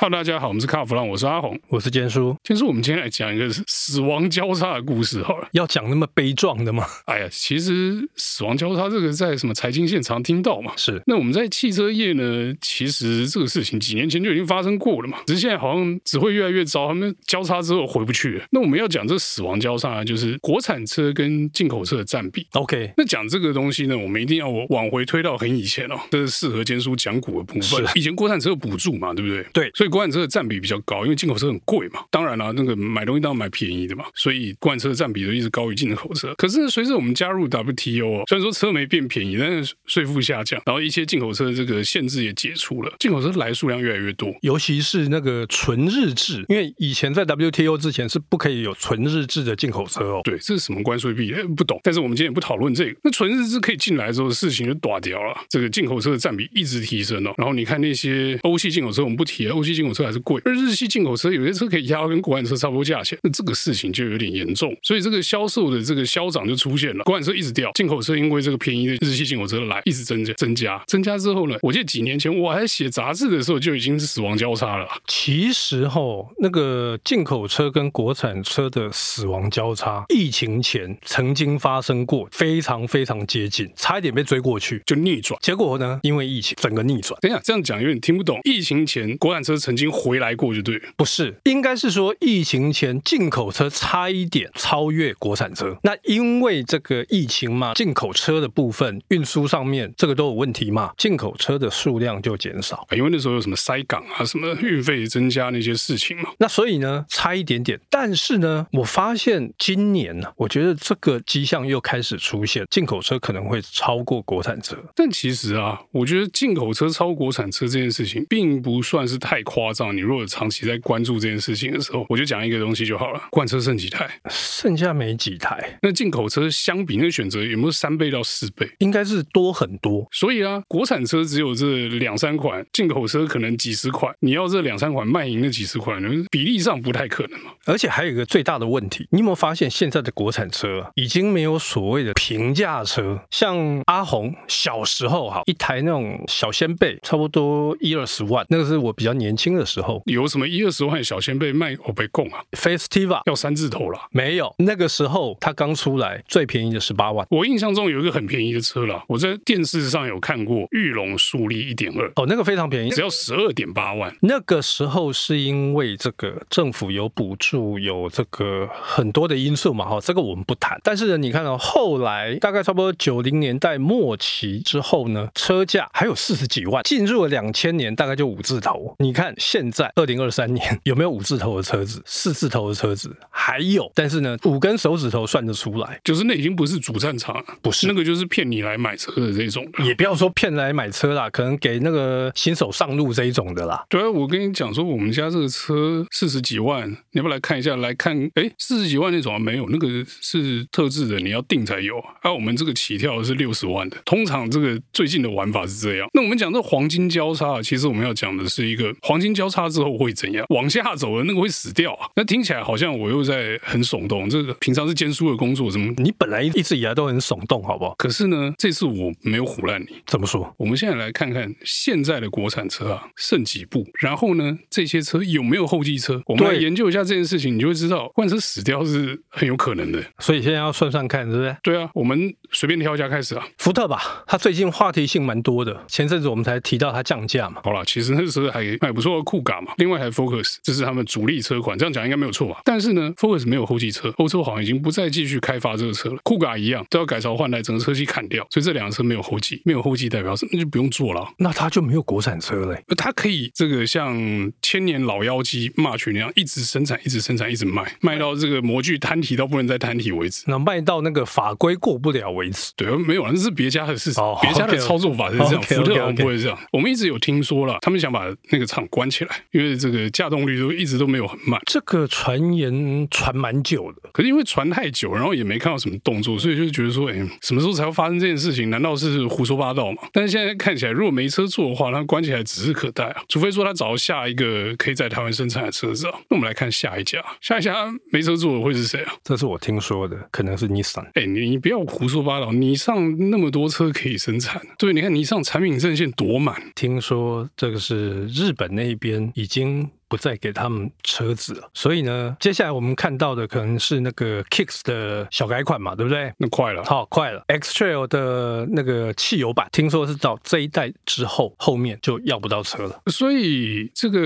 哈，大家好，我們是卡弗朗，我是阿紅，我是堅叔。堅叔，我們今天來講一個死亡交叉的故事，好了，要講那麼悲壯的嗎？哎呀，其實死亡交叉這個在什麼財經線常聽到嘛，是。那我們在汽車業呢，其實這個事情幾年前就已經發生過了嘛，只是現在好像只會越來越糟，他們交叉之後回不去。那我們要講這死亡交叉呢，就是國產車跟進口車的占比。OK，那講這個東西呢，我們一定要往回推到很以前哦，這、就是適合堅叔講古的部分。是以前國產車有補助嘛，對不對？對，所以。國產車的占比比較高，因為進口車很貴嘛。當然了、啊，那個買東西都要買便宜的嘛，所以國產車的占比就一直高於進口車。可是隨着我們加入 WTO，雖然說車沒變便宜，但是稅負下降，然後一些進口車的這個限制也解除了，進口車來數量越來越多。尤其是那個純日制，因為以前在 WTO 之前是不可以有純日制的進口車哦。對，這是什麼關稅壁壘？不懂。但是我們今天也不討論這個。那純日制可以進來之後，事情就大條了。這個進口車的占比一直提升哦。然後你看那些歐系進口車，我們不提了，歐系。進口車還是貴，而日系進口車有些車可以壓到跟國產車差不多價錢，那這個事情就有點嚴重，所以這個銷售的這個消長就出現了。國產車一直掉，進口車因為這個便宜的日系進口車的來，一直增加增加增加之後呢，我記得幾年前我還寫雜誌的時候就已經是死亡交叉了。其實齁，那個進口車跟國產車的死亡交叉，疫情前曾經發生過，非常非常接近，差一點被追過去就逆轉，結果呢，因為疫情整個逆轉。等一下，這樣講有點聽不懂。疫情前國產車成曾經回來過就對，不是，應該是說疫情前進口車差一點超越國產車。那因為這個疫情嘛，進口車的部分運輸上面這個都有問題嘛，進口車的數量就減少，因為那時候有什麼塞港啊，什麼運費增加那些事情嘛。那所以呢，差一點點。但是呢，我發現今年呢，啊，我覺得這個跡象又開始出現，進口車可能會超過國產車。但其實啊，我覺得進口車超國產車這件事情並不算是太快。誇張，你如果長期在關注這件事情的時候，我就講一個東西就好了。罐車剩幾台？剩下沒幾台。那進口車相比，那選擇有沒有三倍到四倍？應該是多很多。所以啊，國產車只有這兩三款，進口車可能幾十款。你要這兩三款賣贏那幾十款，比例上不太可能。而且還有一個最大的問題，你有沒有發現現在的國產車已經沒有所謂的平價車？像阿紅小時候哈，一台那種小掀背，差不多一二十萬，那個是我比較年輕的。的時候有什麼一二十萬小鮮貝賣我、哦、被供啊？Festiva 要三字頭了、啊，沒有，那個時候它剛出來，最便宜的十八萬。我印象中有一個很便宜的車了，我在電視上有看過，裕隆速利一點二，哦，那個非常便宜，只要十二點八萬。那個時候是因為這個政府有補助，有這個很多的因素嘛，哈，這個我們不談。但是呢，你看到、哦、後來大概差不多九零年代末期之後呢，車價還有四十幾萬，進入了兩千年，大概就五字頭。你看。現在二零二三年有沒有五字頭的車子、四字頭的車子？還有，但是呢，五根手指頭算得出來，就是那已經不是主戰場，不是，那個就是騙你來買車的這種，也不要說騙來買車啦，可能給那個新手上路這一種的啦。對啊，我跟你講說，我們家這個車四十幾萬，你要不來看一下？來看，哎，四十幾萬那種啊，沒有，那個是特製的，你要訂才有啊。我們這個起跳是六十萬的，通常這個最近的玩法是這樣。那我們講這黃金交叉啊，其實我們要講的是一個黃。心交叉之後會怎樣？往下走的那個會死掉啊！那聽起來好像我又在很聳動。這個平常是監書的工作，什麼？你本來一直以來都很聳動，好不好？可是呢，這次我沒有唬爛你。怎麼說？我們現在來看看現在的國產車啊，剩幾部。然後呢，這些車有沒有後繼車？對我們來研究一下這件事情，你就會知道，國產死掉是很有可能的。所以現在要算算看，是不是？對啊，我們隨便挑一下開始啊，福特吧，它最近話題性蠻多的。前陣子我們才提到它降價嘛。好了，其實那個時候還賣不錯。酷咖嘛，另外還有 Focus，這是他們主力車款。這樣講應該沒有錯吧？但是呢，Focus 沒有後繼車，歐洲好像已經不再繼續開發這個車了。酷咖一樣都要改朝換代，整個車系砍掉，所以這兩個車沒有後繼，沒有後繼代表什麼就不用做了啊。那它就沒有國產車了。它可以這個像千年老妖姬 March 那樣一直生產，一直生產，一直賣，賣到這個模具攤體到不能再攤體為止，那賣到那個法規過不了為止。對，沒有，那是別家的事情。別家的操作法是這樣，福特我們不會這樣。Okay, okay, okay. 我們一直有聽說了，他們想把那個廠關。關起來，因為這個稼動率都一直都沒有很滿。這個傳言傳蠻久的，可是因為傳太久，然後也沒看到什麼動作，所以就覺得說，哎，什麼時候才會發生這件事情？難道是胡說八道嗎？但是現在看起來，如果沒車做的話，那關起來指日可待啊。除非說他找下一個可以在台灣生產的車子，啊。那我們來看下一家，啊，下一家沒車做的會是誰啊？這是我聽說的，可能是 Nissan。哎，你不要胡說八道，Nissan 那麼多車可以生產。對，你看 Nissan 產品陣線多滿。聽說這個是日本那。那邊已經不再給他們車子了，所以呢，接下來我們看到的可能是那個 Kicks 的小改款嘛，對不對？那快了，好快了，X Trail 的那個汽油版，聽說是到這一代之後，後面就要不到車了。所以這個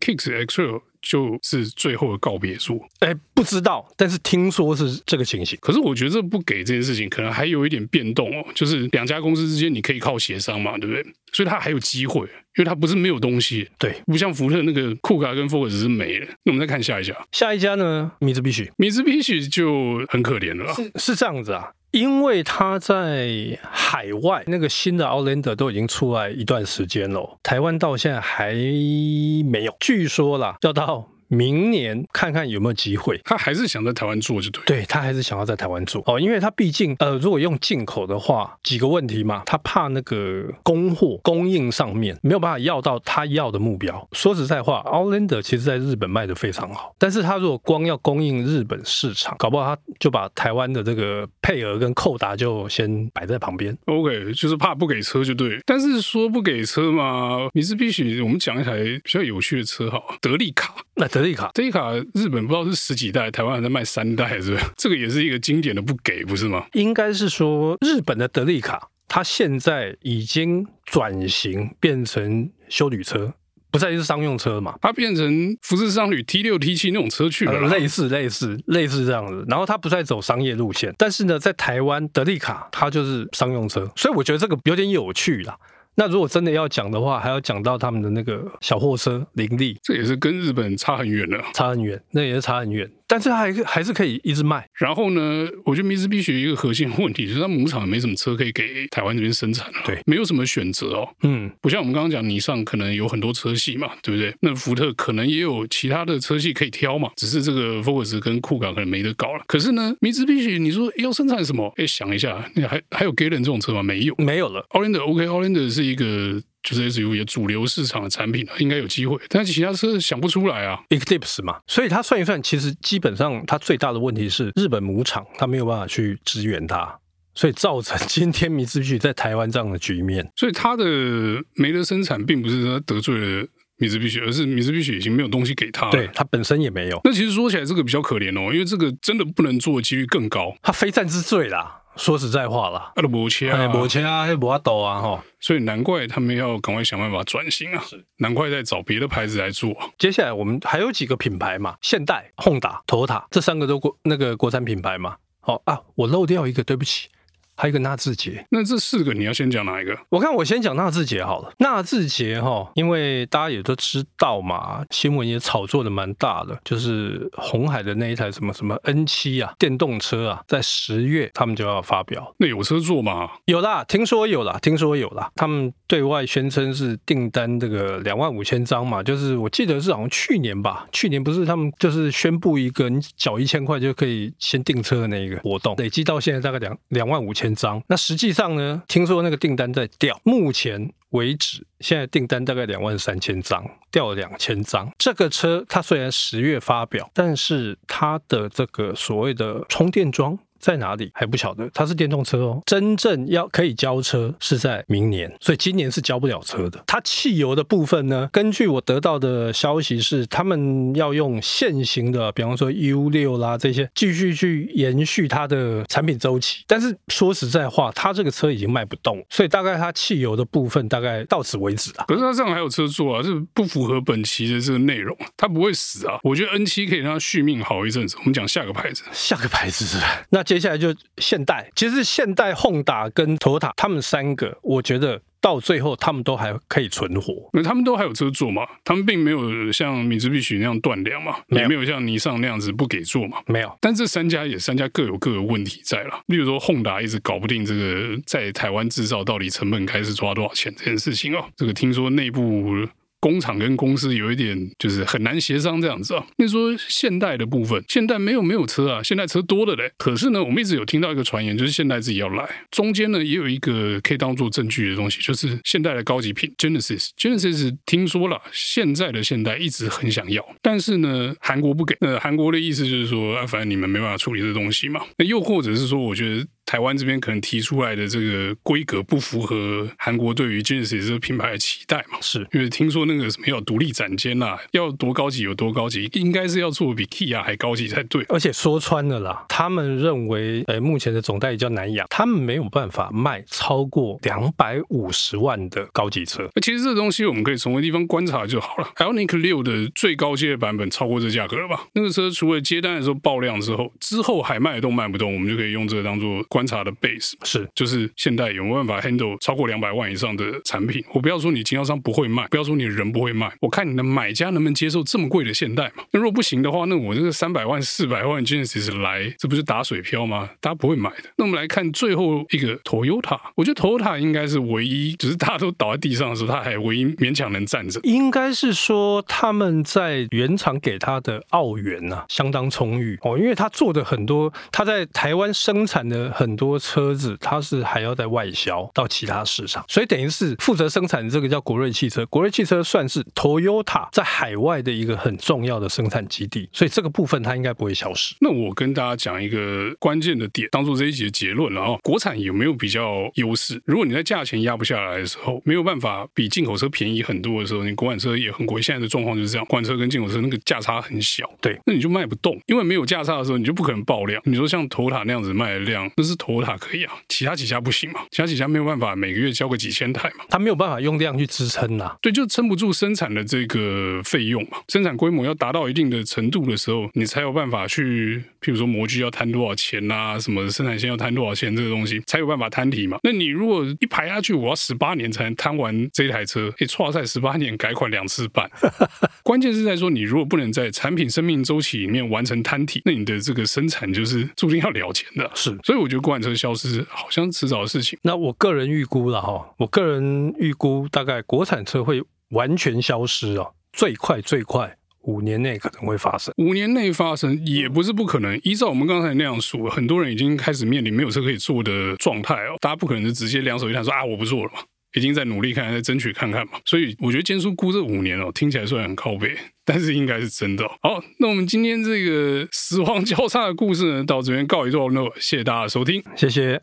Kicks X Trail。Tra 就是最後的告別書，哎、欸，不知道，但是聽說是這個情形。可是我覺得這不給這件事情，可能還有一點變動哦，就是兩家公司之間你可以靠協商嘛，對不對？所以他還有機會，因為他不是沒有東西，對，不像福特那個庫卡跟 Focus 只是沒了。那我們再看下一家，下一家呢？Mitsubishi，Mitsubishi 就很可憐了，是是這樣子啊。因為他在海外那個新的 Outlander 都已經出來一段時間了，台灣到現在還沒有。據說啦，要到。明年看看有沒有機會，他還是想在台灣做就對。對，他還是想要在台灣做哦，因為他畢竟呃，如果用進口的話，幾個問題嘛，他怕那個供貨供應上面沒有辦法要到他要的目標。說實在話，Outlander 其實在日本賣的非常好，但是他如果光要供應日本市場，搞不好他就把台灣的這個配額跟扣達就先擺在旁邊。OK，就是怕不給車就對。但是說不給車嘛，Mitsubishi 我們講一台比較有趣的車哈，德利卡。那德利卡，德利卡日本不知道是十幾代，台灣還在賣三代，是不是？這個也是一個經典的不給，不是嗎？應該是說，日本的德利卡，它現在已經轉型變成休旅車，不再是商用車嘛？它變成福士商旅 T 六 T 七那種車去了，呃、類似類似類似這樣子。然後它不再走商業路線，但是呢，在台灣德利卡它就是商用車，所以我覺得這個有點有趣啦。那如果真的要講的話，還要講到他們的那個小貨車林立，這也是跟日本差很遠了，啊，差很遠，那也是差很遠。但是還還是可以一直賣，然後呢，我覺得 Mitsubishi 一個核心問題就是，它母廠也沒什麼車可以給台灣這邊生產了，對，沒有什麼選擇哦，嗯，不像我們剛剛講，Nissan 可能有很多車系嘛，對不對？那福特可能也有其他的車系可以挑嘛，只是這個 Focus 跟 Kuga 可能沒得搞了。可是呢，Mitsubishi 你說要生產什麼？哎，想一下，你還還有 Galant 這種車嗎？沒有，沒有了。Outlander，okay，Outlander 是一個。就是 SUV 主流市場的產品，啊，應該有機會。但其他車想不出來啊 Eclipse 嘛。所以他算一算，其實基本上他最大的問題是日本母廠，他沒有辦法去支援他，所以造成今天 Mitsubishi 在台灣這樣的局面。所以他的沒得生產，並不是他得罪了 Mitsubishi，而是 Mitsubishi 已經沒有東西給他。對，他本身也沒有。那其實說起來，這個比較可憐哦，因為這個真的不能做的幾率更高。他非戰之罪啦。說實在話啦，阿羅摩車啊，摩車還摩阿斗啊，哈、啊，沒啊哦、所以難怪他們要趕快想辦法轉型啊，是難怪在找別的牌子來做。接下來我們還有幾個品牌嘛，現代、HONDA、TOYOTA，這三個都國那個國產品牌嘛。好、哦、啊，我漏掉一個，對不起。還有一個納智捷，那這四個你要先講哪一個？我看我先講納智捷好了。納智捷哈，因為大家也都知道嘛，新聞也炒作的蠻大的，就是鴻海的，那一台什麼什麼 N 七啊，電動車啊，在十月他們就要發表。那有車做嗎？有啦，聽說有啦，聽說有啦。他們對外宣稱是訂單這個兩萬五千張嘛，就是我記得是好像去年吧，去年不是他們就是宣布一個你繳一千塊就可以先訂車的那一個活動，累積到現在大概兩兩萬五千。張，那實際上呢？聽說那個訂單在掉，目前為止，現在訂單大概兩萬三千張，掉了兩千張。這個車它雖然十月發表，但是它的這個所謂的充電樁。在哪裡還不曉得，它是電動車哦。真正要可以交車是在明年，所以今年是交不了車的。它汽油的部分呢，根據我得到的消息是，他們要用現行的，比方說 U6 啦這些，繼續去延續它的產品周期。但是說實在話，它這個車已經賣不動，所以大概它汽油的部分大概到此為止了啊。可是它這樣還有車做啊，這不符合本期的這個內容。它不會死啊，我覺得 N7 可以讓它續命好一陣子。我們講下個牌子，下個牌子是吧？那。接下來就現代，其實現代、Honda 跟 Toyota 他們三個，我覺得到最後他們都還可以存活，因為他們都還有車做嘛，他們並沒有像 Mitsubishi 那樣斷糧嘛，沒有。也沒有像尼尚那樣子不給做嘛，沒有。但這三家也三家各有各的問題，在了，例如說 Honda 一直搞不定這個在台灣製造到底成本該是抓多少錢這件事情哦、喔，這個聽說內部。工廠跟公司有一點就是很難協商這樣子啊。那說現代的部分，現代沒有沒有車啊，現代車多的嘞。可是呢，我們一直有聽到一個傳言，就是現代自己要來。中間呢，也有一個可以當做證據的東西，就是現代的高級品 Genesis，Genesis Genesis 聽說了，現在的現代一直很想要，但是呢，韓國不給。呃，韓國的意思就是說，啊，反正你們沒辦法處理這東西嘛。那又或者是說，我覺得。台灣這邊可能提出來的這個規格不符合韓國對於 Genesis 這個品牌的期待嘛是？是因為聽說那個什麼要獨立展間啦、啊，要多高級有多高級，應該是要做比 Kia 還高級才對。而且說穿了啦，他們認為，呃、欸，目前的總代理叫南陽，他們沒有辦法賣超過兩百五十萬的高級車。那其實這東西我們可以從一個地方觀察就好了。Ioniq 6的最高階版本超過這價格了吧？那個車除了接單的時候爆量之後，之後還賣得動賣不動，我們就可以用這個當做。觀察的 base 是，就是現代有沒有辦法 handle 超過兩百萬以上的產品？我不要說你經銷商不會賣，不要說你的人不會賣，我看你的買家能不能接受這麼貴的現代嘛？那如果不行的話，那我這個三百萬、四百萬 Genesis 來，這不是打水漂嗎？大家不會買的。那我們來看最後一個 Toyota，我覺得 Toyota 應該是唯一，就是大家都倒在地上的時候，他還唯一勉強能站着。應該是說他們在原廠給他的奧援啊相當充裕哦，因為他做的很多，他在台灣生產的很。很多車子它是還要在外銷到其他市場，所以等於是負責生產的這個叫國瑞汽車。國瑞汽車算是 Toyota 在海外的一個很重要的生產基地，所以這個部分它應該不會消失。那我跟大家講一個關鍵的點，當做這一集的結論。然後，國產有沒有比較優勢？如果你在價錢壓不下來的時候，沒有辦法比進口車便宜很多的時候，你國產車也很貴。現在的狀況就是這樣，國產車跟進口車那個價差很小，對，那你就賣不動，因為沒有價差的時候你就不可能爆量。你說像 Toyota 那樣子賣的量，那是。托塔可以啊，其他幾家不行嘛？其他幾家沒有辦法每個月交個幾千台嘛？他沒有辦法用量去支撐吶、啊。對，就撐不住生產的這個費用嘛。生產規模要達到一定的程度的時候，你才有辦法去，譬如說模具要攤多少錢啊，什麼生產線要攤多少錢，這個東西才有辦法攤提嘛。那你如果一排下去，我要十八年才能攤完這台車，也錯在十八年改款兩次半。 關鍵是在說，你如果不能在產品生命週期裡面完成攤提，那你的這個生產就是注定要了錢的。是，所以我覺得。國產車消失，好像遲早的事情。那我個人預估了哈、哦，我個人預估大概國產車會完全消失哦，最快最快五年內可能會發生，五年內發生也不是不可能。嗯、依照我們剛才那樣說，很多人已經開始面臨沒有車可以做的狀態哦，大家不可能是直接兩手一攤說啊，我不做了嘛。已經在努力看，還在爭取看看嘛。所以我覺得建叔估這五年哦，聽起來雖然很靠北，但是應該是真的哦。好，那我們今天這個死亡交叉的故事呢，到這邊告一段落。謝謝大家的收聽，謝謝。